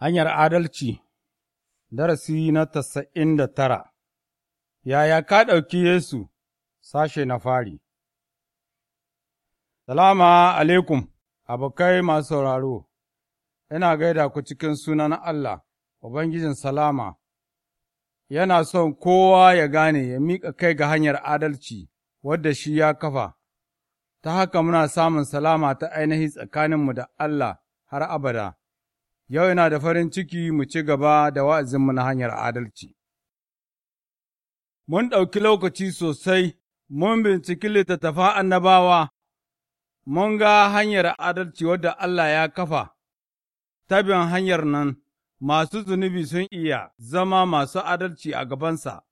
Hanyar Adalci Darasi na tasa'in da tara Yaya ka ɗauki Yesu sashe na fari Salama alaikum, abokai masu sauraro, ina gaida ku cikin sunan Allah, Ubangijin Salama, yana son kowa ya gane ya miƙa kai ga hanyar adalci wadda shi ya kafa, ta haka muna samun salama ta ainihi tsakaninmu da Allah har abada. Yau yana da farin ciki mu ci gaba da wa'azinmu na hanyar adalci. Mun ɗauki lokaci sosai, mun binciki littattafan annabawa, mun ga hanyar adalci wadda Allah ya kafa, ta bin hanyar nan, masu zunubi sun iya zama masu adalci a gabansa.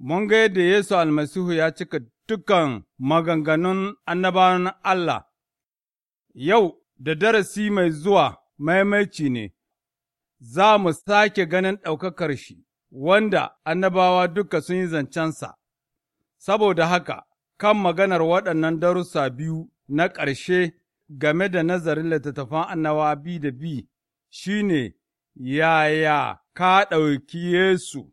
Mun ga yadda Yesu almasihu ya cika dukan maganganun annabawan Allah. Yau da darasi mai zuwa. Maimaci ne, za mu sake ganin ɗaukakar shi, wanda annabawa duka sun yi zancensa, saboda haka, kan maganar waɗannan darussa biyu na ƙarshe game da nazarin littattafan annawa bi da bi shi ne, yaya ka ɗauki Yesu.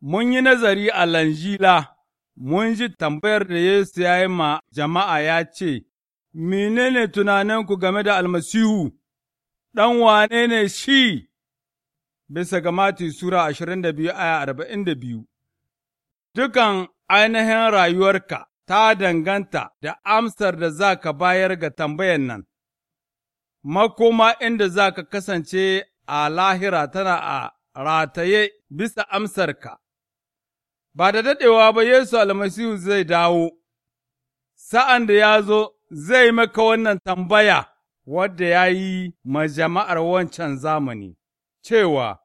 Mun yi nazari a Lanjila, mun ji tambayar da Yesu ya yi ma jama'a ya ce, menene tunaninku game da almasihu, ɗan wane ne shi, bisa ga Mati Sura ashirin da biyu aya arba'in da biyu, dukan ainihin rayuwarka ta danganta da amsar da za ka bayar ga tambayan nan, makoma inda za ka kasance a lahira tana a rataye bisa amsarka. Ba da daɗewa ba Yesu almasihu zai dawo, sa'an da ya zo zai maka wannan tambaya wadda ya yi ma jama'ar wancan zamani, cewa,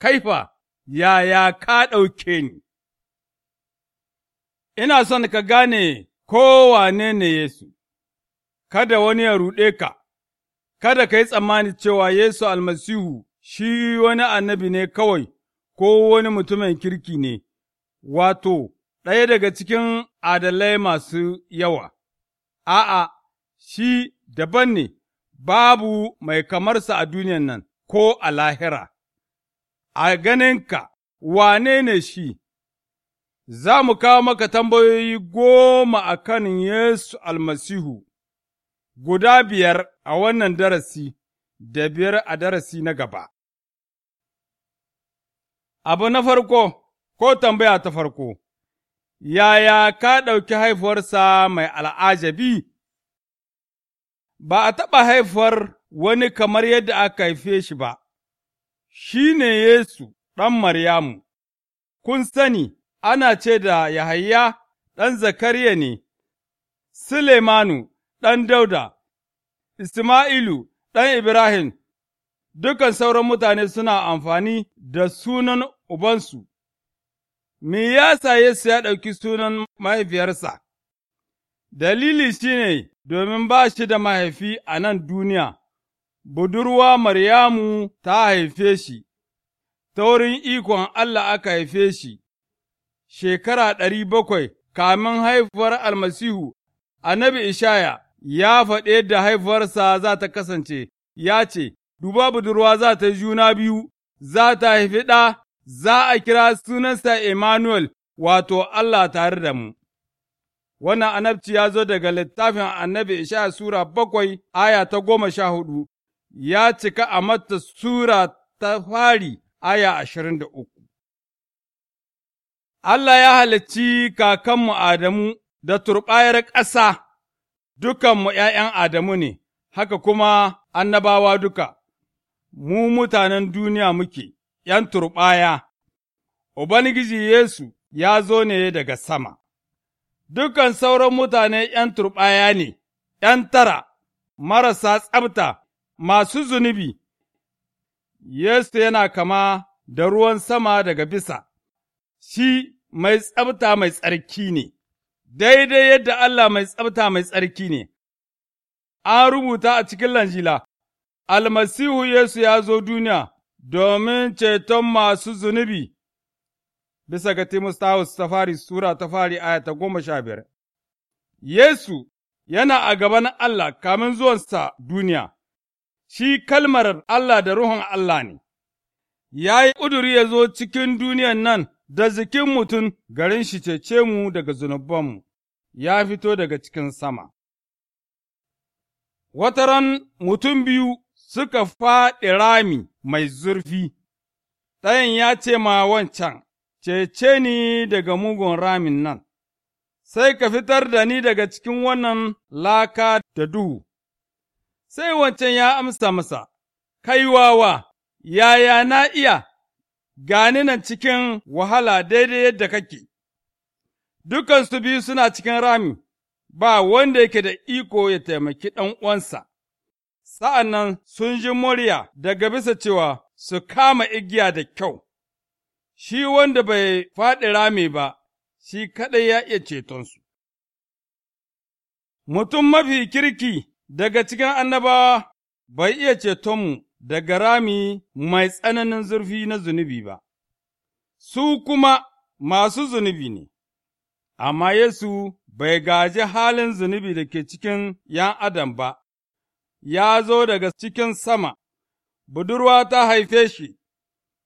Kaifa, yaya ka ɗauke ni? Ina son ka gane kowane ne Yesu, kada wani ya ruɗe ka, kada ka yi tsammani cewa Yesu almasihu shi wani annabi ne kawai ko wani mutumin kirki ne, wato, ɗaya daga cikin adalai masu yawa. a'a, shi daban ne, babu mai kamarsa a duniyan nan ko a lahira, a ganinka wane ne shi, za mu kawo maka tambayoyi goma a kan Yesu almasihu, guda biyar a wannan darasi, da biyar a darasi na gaba. Abu na farko, ko tambaya ta farko. yaya ka ɗauki haifuwarsa mai al'ajabi? Ba a taɓa haifuwar wani kamar yadda aka haife shi ba, shi ne Yesu ɗan Maryamu, kun sani ana ce da Yahaya ɗan Zakariya ne, Sulemanu ɗan Dauda, Isma'ilu ɗan Ibrahim, dukan sauran mutane suna amfani da sunan ubansu. me ya yasa Yesu ya ɗauki sunan mahaifiyarsa? Dalili shi ne domin ba shi da mahaifi a nan duniya, budurwa Maryamu ta haife shi, ta wurin ikon Allah aka haife shi, shekara ɗari bakwai kamin haifuwar almasihu, annabi Ishaya ya faɗe da haifuwarsa za ta kasance, ya ce, Duba budurwa za ta yi juna biyu, za ta haifi ɗa za a kira sunansa Emmanuel, wato Allah tare da mu. Wannan annabci ya zo daga littafin annabi Isha Sura bakwai aya ta goma sha hudu, ya cika a mata Sura ta fari aya ashirin da uku. Allah ya halicci kakanmu Adamu da turɓayar ƙasa, dukanmu ’ya'yan Adamu ne, haka kuma annabawa duka, mu mutanen duniya muke, ’yan turɓaya, Ubangiji Yesu ya zo ne daga sama, dukan sauran mutane ’yan turɓaya ne, ’yan tara, marasa tsabta, masu zunubi, Yesu yana kama da ruwan sama daga bisa, shi mai tsabta mai tsarki ne, daidai yadda Allah mai tsabta mai tsarki ne, an rubuta a cikin lanjila, almasihu Yesu ya zo duniya. domin ceton masu zunubi, bisa ga Timotawus ta fari Sura ta fari ayata goma sha biyar. Yesu yana a gaban Allah kamin zuwansa duniya, shi kalmar Allah da Ruhun Allah ne, ya yi ƙuduri ya zo cikin duniyan nan da zikin mutum garin shi cece mu daga zunubanmu, ya fito daga cikin sama. Wataran mutum biyu suka faɗi rami. mai zurfi, ɗayan ya ce ma wancan, Cece ni daga mugun ramin nan, sai ka fitar da ni daga cikin wannan laka da duhu, sai wancan ya amsa masa, Kai wawa, yaya na iya, gani nan cikin wahala daidai yadda kake, dukansu biyu suna cikin rami, ba wanda yake da iko ya taimaki ɗan'uwansa. sa'an nan sun ji murya daga bisa cewa su kama igiya da kyau, shi wanda bai faɗi rami ba, shi kaɗai ya iya cetonsu. Mutum mafi kirki daga cikin annabawa bai iya cetonmu daga rami mai tsananin zurfi na zunubi ba, su kuma masu zunubi ne, amma Yesu bai gaji halin zunubi da ke cikin ’yan adam ba, ya zo daga cikin sama, budurwa ta haife shi,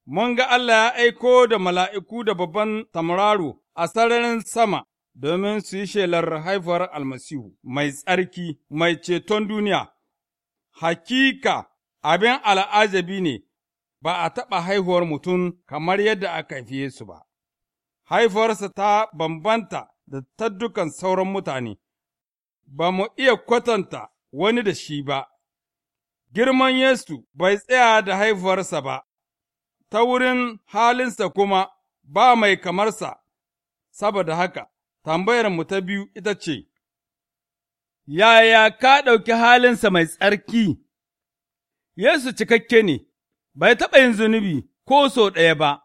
mun ga Allah ya aiko da mala'iku da babban tamraro a sararin sama domin su yi shelar haifar almasihu mai tsarki, mai ceton duniya. Hakika abin al'ajabi ne, ba a taɓa haihuwar mutum kamar yadda aka fiye su ba, haifuwarsa ta bambanta da ta dukan sauran mutane, ba mu iya kwatanta wani da shi ba, girman Yesu bai tsaya da haifuwarsa ba, ta wurin halinsa kuma ba mai kamarsa, saboda haka, tambayar mu ta biyu ita ce, Yaya ka ɗauki halinsa mai tsarki? Yesu cikakke ne, bai taɓa yin zunubi ko so ɗaya ba,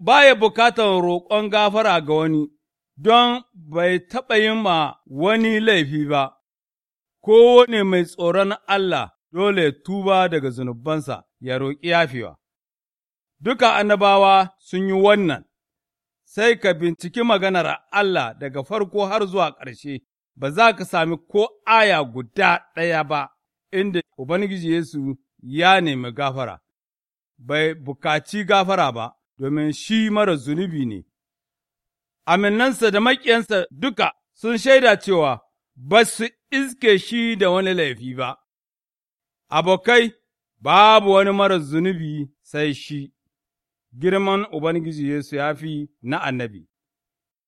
ba ya bukatar roƙon gafara ga wani, don bai taɓa yin ma wani laifi ba. kowane mai tsoron Allah dole tuba daga zunubansa ya roƙi yafewa. Duka annabawa sun yi wannan, sai ka binciki maganar Allah daga farko har zuwa ƙarshe, ba za ka sami ko aya guda ɗaya ba, inda Ubangiji Yesu ya nemi gafara, bai bukaci gafara ba, domin shi mara zunubi ne. Aminansa da maƙiyansa duka sun shaida cewa ba su iske shi da wani laifi ba, abokai, babu wani marar zunubi sai shi, girman Ubangiji Yesu ya fi na annabi,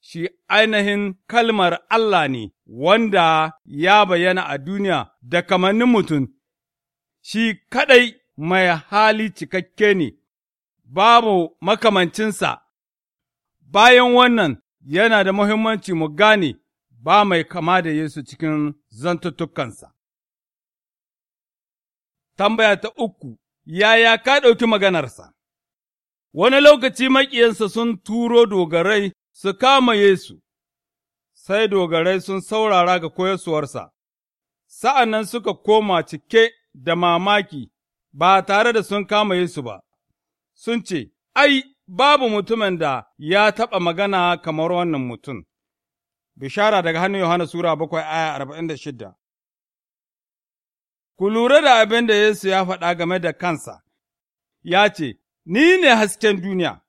shi ainihin kalmar Allah ne wanda ya bayyana a duniya da kamannin mutum, shi kaɗai mai hali cikakke ne, babu makamancinsa, bayan wannan yana da muhimmanci mu gane. ba mai kama da Yesu cikin zantuttukansa. Tambaya ta uku, yaya ka ɗauki maganarsa? Wani lokaci maƙiyansa sun turo dogarai su kama Yesu, sai dogarai sun saurara ga koyarsuwarsa, sa'an nan suka koma cike da mamaki ba tare da sun kama Yesu ba, sun ce, Ai, babu mutumin da ya taɓa magana kamar wannan mutum. Bishara daga hannun Yohana Sura bakwai aya arba'in da shidda. Ku lura da abin da Yesu ya faɗa game da kansa, ya ce, Ni ne hasken duniya,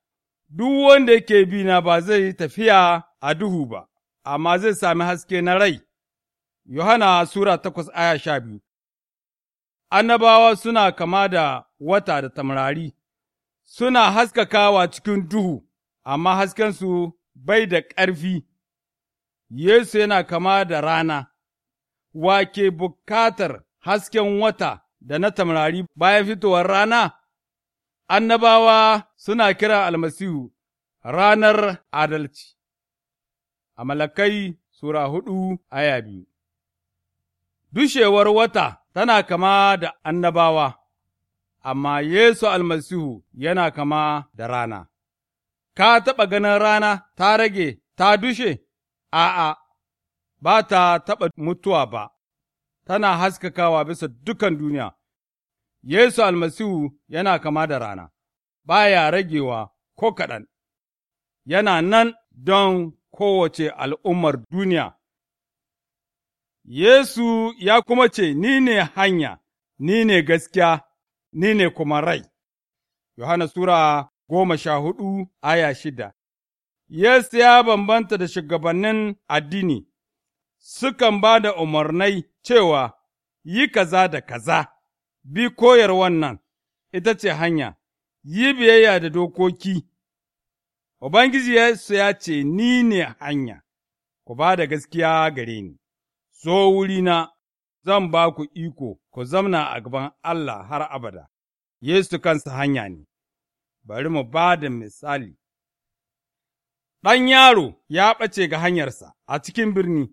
duk wanda yake bi na ba zai yi tafiya a duhu ba, amma zai sami haske na rai. Yohana Sura takwas aya sha biyu. Annabawa suna kama da wata da tamrari, suna haskakawa cikin duhu, amma haskensu bai da ƙarfi Yesu yana kama da rana, wa ke bukatar hasken wata da na tamrari bayan fitowar rana? Annabawa suna kira almasihu ranar adalci, a malakai Sura hudu aya biyu. Dushewar wata tana kama da annabawa, amma Yesu almasihu yana kama da rana. Ka taɓa ganin rana ta rage ta dushe? a'a, ba ta taɓa mutuwa ba, tana haskakawa bisa dukan duniya. Yesu almasihu yana kama da rana, ba ya ragewa ko kaɗan, yana nan don kowace al'ummar duniya. Yesu ya kuma ce, Ni ne hanya, ni ne gaskiya, ni ne kuma rai. Yohana Sura goma sha hudu aya shida Yesu ya bambanta da shugabannin addini, sukan ba da umarnai cewa yi kaza da kaza, bi koyar wannan, ita ce hanya, yi biyayya da dokoki. Ubangiji Yesu ya ce, Ni ne hanya, ku ba da gaskiya gare ni, so wurina zan ba ku iko ku zamna a gaban Allah har abada, Yesu kansa hanya ne, bari mu ba da misali. ɗan yaro ya ɓace ga hanyarsa a cikin birni,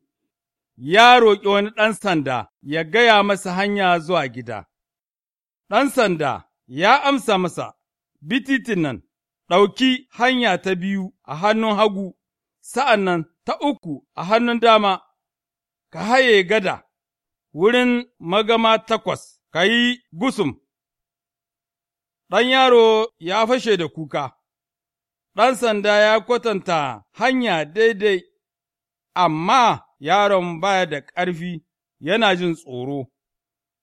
ya roƙi wani ɗan sanda ya gaya masa hanya zuwa gida. Ɗan sanda ya amsa masa, bi nan, ɗauki hanya ta biyu a hannun hagu, sa'an nan ta uku a hannun dama, ka haye gada wurin magama takwas, ka yi gusum. Ɗan yaro ya fashe da kuka. ɗan sanda ya kwatanta hanya daidai, amma yaron baya da ƙarfi yana jin tsoro,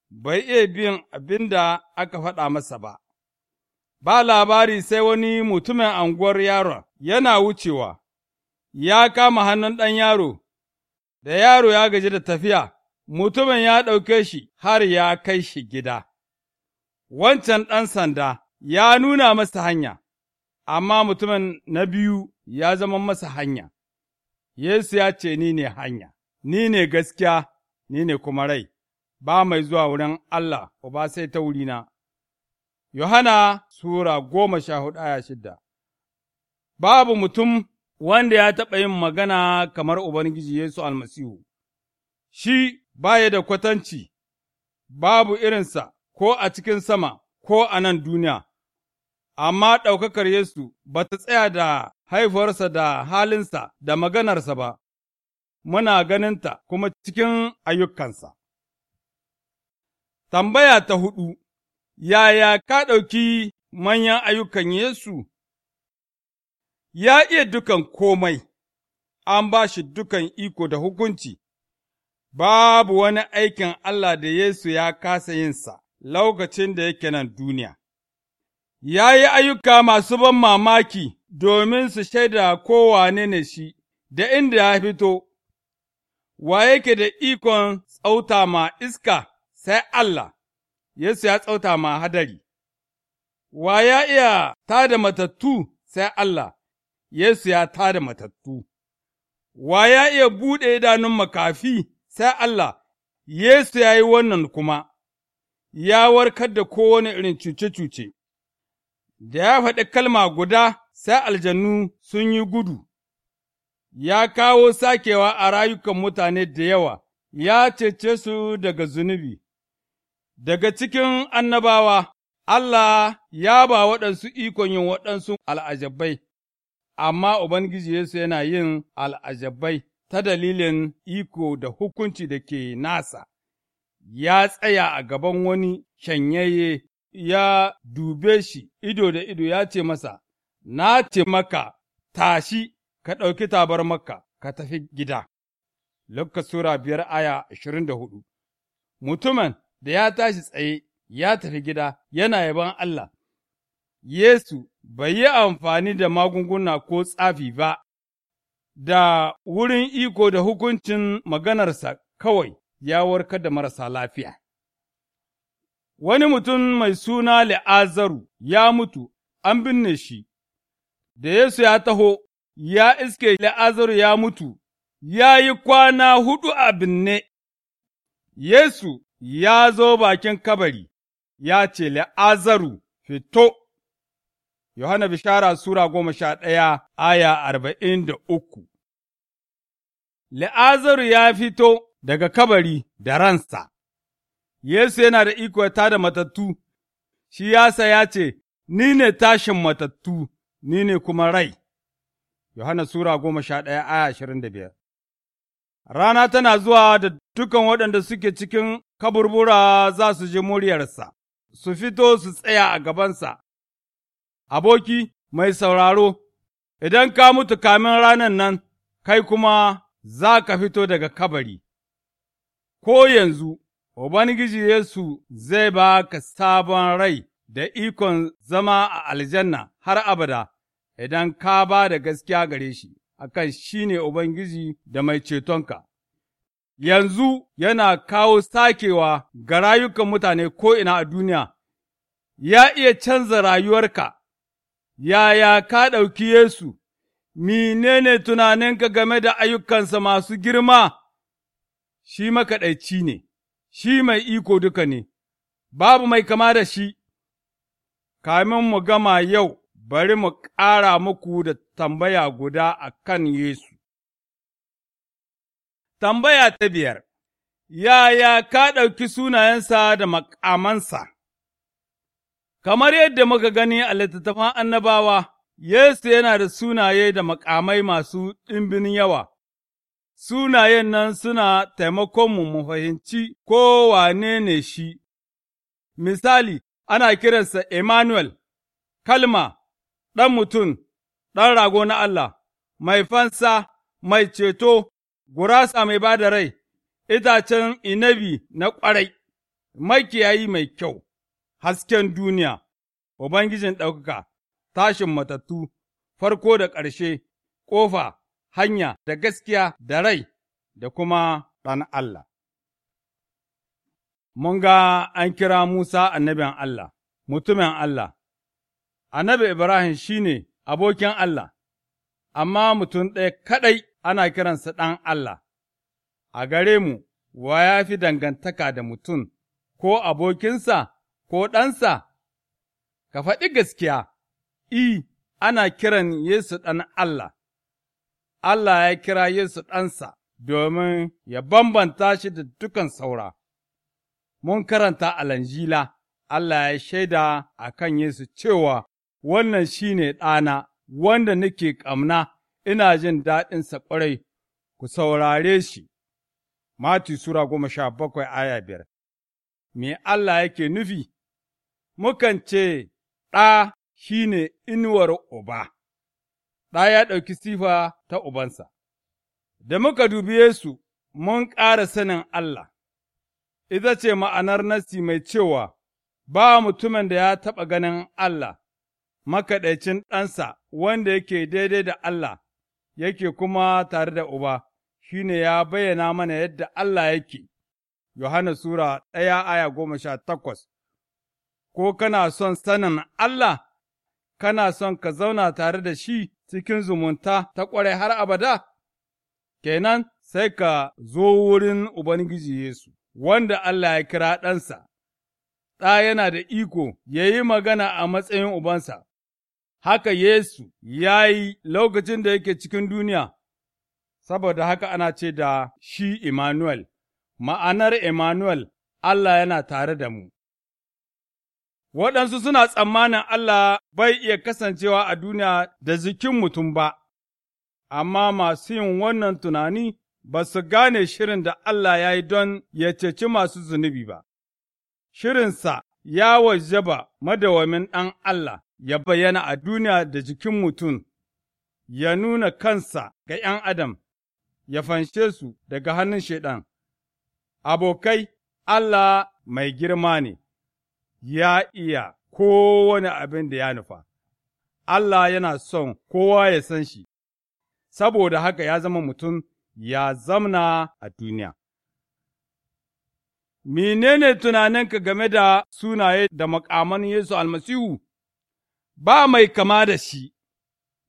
bai iya bin abin da aka faɗa masa ba. Ba labari sai wani mutumin anguwar yaron yana wucewa, ya kama hannun ɗan yaro, da yaro ya gaji da tafiya, mutumin ya ɗauke shi har ya kai shi gida. Wancan ɗan sanda ya nuna masa hanya. amma mutumin na biyu ya zama masa hanya, Yesu ya ce, Ni ne hanya, ni ne gaskiya, ni ne kuma rai, ba mai zuwa wurin Allah, uba sai ta na. Yohana Sura goma sha hudu aya shidda Babu mutum wanda ya taɓa yin magana kamar Ubangiji Yesu almasihu, shi baya da kwatanci, babu irinsa ko a cikin sama ko a nan duniya. amma ɗaukakar Yesu ba ta tsaya da haifuwarsa da halinsa da maganarsa ba, muna ganinta kuma cikin ayyukansa. Tambaya ta huɗu, yaya ka ɗauki manyan ayyukan Yesu? Ya iya dukan komai, an ba shi dukan iko da hukunci, babu wani aikin Allah da Yesu ya kasa yinsa lokacin da yake nan duniya. ya yi ayyuka masu ban mamaki domin su shaida kowane ne shi, da inda ya fito, wa yake da ikon tsauta ma iska sai Allah, Yesu ya tsauta ma hadari, wa ya iya ta da matattu sai Allah, Yesu ya ta da matattu, wa ya iya buɗe idanun makafi sai Allah, Yesu ya yi wannan kuma, ya warkar da kowane irin cuce-cuce. da ya faɗi kalma guda sai aljanu sun yi gudu, ya kawo sakewa a rayukan mutane da yawa, ya cece su daga zunubi. Daga cikin annabawa, Allah ya ba waɗansu ikon yin waɗansu al'ajabai, amma Ubangiji Yesu yana yin al'ajabai ta dalilin iko da hukunci da ke nasa, ya tsaya a gaban wani shanyaye. ya dube shi ido da ido ya ce masa, Na ce maka, tashi, ka ɗauki tabar maka, ka tafi gida. Lokacin Sura biyar aya ashirin da hudu Mutumin da ya tashi tsaye ya tafi gida yana yaban Allah, Yesu bai yi amfani da magunguna ko tsafi ba, da wurin iko da hukuncin maganarsa kawai ya warkar da marasa lafiya. wani mutum mai suna La'azaru ya mutu, an binne shi, da Yesu ya taho, ya iske La'azaru ya mutu, ya yi kwana huɗu a binne. Yesu ya zo bakin kabari, ya ce, La'azaru, fito! Yohana Bishara Sura goma sha ɗaya, aya arba'in da uku. La'azaru ya fito daga kabari da ransa. Yesu yana da iko ta da matattu, shi yasa ya ce, Ni ne tashin matattu, ni ne kuma rai. Yohana Sura goma sha ɗaya aya ashirin da biyar. Rana tana zuwa da dukan waɗanda suke cikin kaburbura za su ji muryarsa, su fito su tsaya a gabansa. Aboki mai sauraro, idan ka mutu kamin ranan nan, kai kuma za ka fito daga kabari. Ko yanzu, Ubangiji Yesu zai ba ka sabon rai da ikon zama a aljanna har abada, idan ka ba da gaskiya gare shi, akan shi ne Ubangiji da mai cetonka. Yanzu yana kawo sakewa ga rayukan mutane ko'ina a duniya, ya iya canza rayuwarka, yaya ka ɗauki Yesu, menene tunaninka game da ayyukansa masu girma, shi makaɗaici ne. shi mai iko duka ne, babu mai kama da shi, kamin mu gama yau bari mu ƙara muku da tambaya guda a kan Yesu. Tambaya ta biyar, yaya ka ɗauki sunayensa da makamansa? Kamar yadda muka gani a littattafan annabawa, Yesu yana da sunaye da makamai masu ɗimbin yawa. sunayen nan suna taimakonmu mu fahimci ko wane ne shi. Misali, ana kiransa Emmanuel, kalma, ɗan mutum, ɗan rago na Allah, mai fansa, mai ceto, gurasa mai ba da rai, itacen inabi na ƙwarai, makiyayi mai kyau, hasken duniya, Ubangijin ɗaukaka, tashin matattu, farko da ƙarshe, ƙofa. hanya da gaskiya da rai da kuma ɗan Allah. Mun ga an kira Musa annabin Allah, mutumin Allah, annabi Ibrahim shi ne abokin Allah, amma mutum ɗaya kaɗai ana kiransa ɗan Allah, a gare mu wa ya fi dangantaka da mutum, ko abokinsa, ko ɗansa, ka faɗi gaskiya, I, ana kiran Yesu ɗan Allah. Allah ya kira Yesu ɗansa domin ya bambanta shi da dukan saura. Mun karanta a Lanjila, Allah ya shaida a kan Yesu cewa wannan shi ne ɗana wanda nake ƙamna, ina jin daɗinsa ƙwarai, ku saurare shi. Mati Sura goma sha bakwai aya biyar Me Allah yake nufi, mukan ce ɗa shi ne inuwar uba. ɗa ya ɗauki sifa ta ubansa. Da muka dubi Yesu, mun ƙara sanin Allah, ita ce ma'anar nasi mai cewa, ba mutumin da ya taɓa ganin Allah, makaɗaicin ɗansa wanda yake daidai da Allah, yake kuma tare da Uba, shi ne ya bayyana mana yadda Allah yake, Yohana Sura ɗaya aya goma sha takwas, ko kana son sanin Allah, kana son ka zauna tare da shi, cikin zumunta ta ƙware har abada? Kenan sai ka zo wurin Ubangiji Yesu, wanda Allah ya kira ɗansa, ɗa yana da iko ya yi magana a matsayin ubansa, haka Yesu ya yi lokacin da yake cikin duniya, saboda haka ana ce da shi Immanuel, ma'anar Immanuel Allah yana tare da mu. waɗansu suna tsammanin Allah bai iya kasancewa a duniya da jikin mutum ba, amma masu yin wannan tunani ba su gane shirin da Allah ya yi don ya ceci masu zunubi ba. Shirinsa ya wajaba madawamin ɗan Allah ya bayyana a duniya da jikin mutum, ya nuna kansa ga ’yan Adam, ya fanshe su daga hannun Shaiɗan. Abokai, Allah mai girma ne. ya iya kowane abin da ya nufa, Allah yana son kowa ya san shi, saboda haka ya zama mutum ya zamna a duniya. Menene tunaninka game da sunaye da makaman Yesu almasihu? Ba mai kama da shi,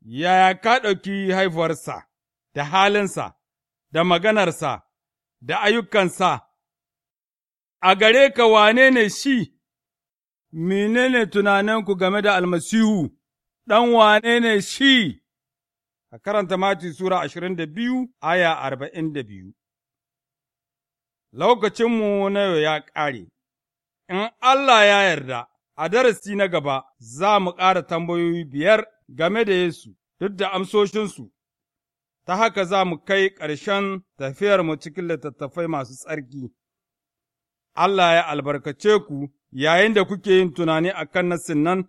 yaya ka ɗauki haifuwarsa, da halinsa, da maganarsa, da ayyukansa, a gare ka wane ne shi? menene tunaninku game da almasihu, ɗan wane ne shi? A karanta Mati Sura ashirin da biyu, aya arba'in da biyu. Lokacinmu na yau ya ƙare, in Allah ya yarda, a darasi na gaba za mu ƙara tambayoyi biyar game da Yesu duk da amsoshinsu, ta haka za mu kai ƙarshen tafiyarmu cikin littattafai masu tsarki. Allah ya albarkace ku. yayin da kuke yin tunani a kan nassin nan,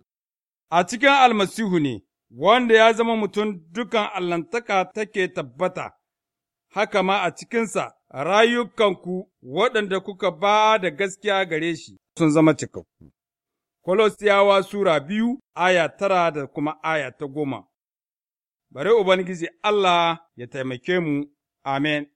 a cikin almasihu ne, wanda ya zama mutum dukan allantaka take tabbata, haka ma a cikinsa rayukanku waɗanda kuka ba da gaskiya gare shi sun zama cikakku. Kolosiyawa Sura biyu, aya tara da kuma aya ta goma. Bari Ubangiji Allah ya taimake mu, Amen.